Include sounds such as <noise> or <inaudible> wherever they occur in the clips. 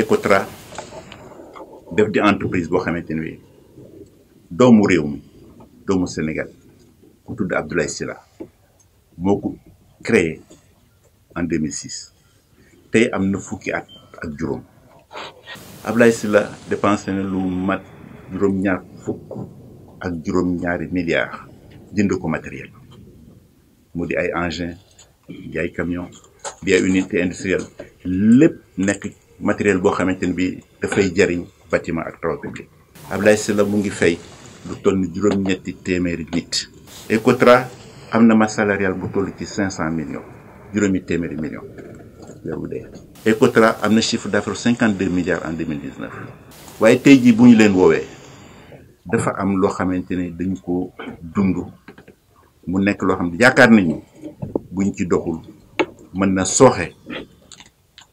Ecotra def di entreprise bo xamanteni ne bii doomu réew mi doomu Sénégal ku tudd Abdoulaye Sylla moo créé en 2006 tey am na fukki at ak juróom Abdoulaye Sylla dépensé na lu mat juróom-ñaar fukk ak juróom-ñaari milliards jënd ko matériel mu di ay engins di ay camions di ay unité industrielle lépp nekk matériel boo xamante ne bi dafay jariñ bâtiment ak travaux publics Abdoulaye Sylla mu ngi fay lu toll ni juróom-ñetti téeméeri nit Ecotra am na masse bu toll ci cinq cent millions juróomi téeméeri millions yow de Ecotra am na chiffre d'affaires cinquante deux milliards en deux mille waaye tey jii bu ñu leen woowee dafa am loo xamante ne dañu ko dund mu nekk loo xam ne yaakaar nañu buñ ci doxul mën na sooxe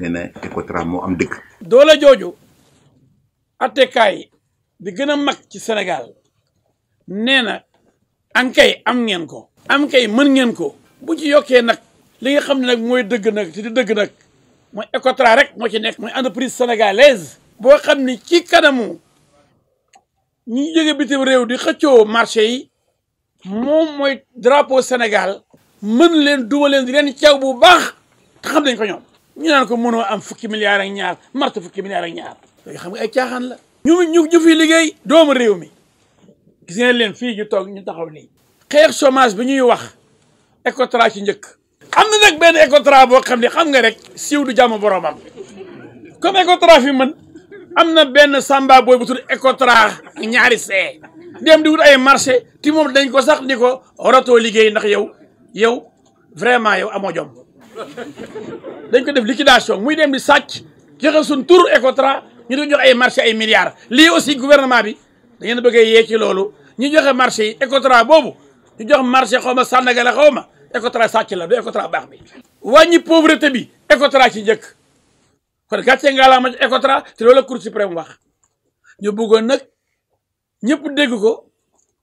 nee na moo am dëkk. doole jooju attekaay bi gën a mag ci Sénégal nee na ankay am ngeen ko. am kay mën ngeen ko. bu ci yokkee nag li nga xam ne nag mooy dëgg nag te di dëgg nag mooy Ecotra rek moo ci nekk. mooy entreprise sénégalaise. boo xam ni ci kanamu ñi jóge bitim réew di xëccoo marché yi moom mooy drapeau Sénégal mën leen duma leen di leen caw bu baax te xam nañ ko ñoom. ñu naan ko mënoo am fukki milliards ak ñaar marta fukki milliards ak ñaar yooyu xam nga ay caaxaan la ñu ñu fi liggéey doomu réew mi gis ngeen leen fii ñu toog ñu taxaw nii xeex chômage bi ñuy wax écotra ci njëkk am na nag benn écotra boo xam ne xam nga rek siiw du jàmm boroomam comme écotra fi mën am na benn samba booy bu tudd écotra ak ñaari see dem di wut ay marché ti moom dañ ko sax ni ko waratoo liggéey ndax yow yow vraiment yow amoo jom <laughs> dañ ko def liquidation muy dem di sàcc joxe suñ tur Ecotra ñu doon jox ay marché ay milliards lii aussi gouvernement bi da ngeen bëggee yee loolu ñu joxe marché yi Ecotra boobu ñu jox marché xaw ma Sandaga la xaw ma Ecotra sàcc la du Ecotra baax bi wàññi pauvreté bi Ecotra ci njëkk kon gàcce ngaalaama ci Ecotra te loolu la Cour suprême wax ñu bëggoon nag ñëpp dégg ko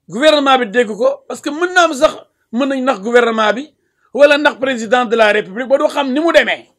gouvernement bi dégg ko parce que mën naa am sax mën nañ nax gouvernement bi wala ndax président de la république ba du xam ni mu demee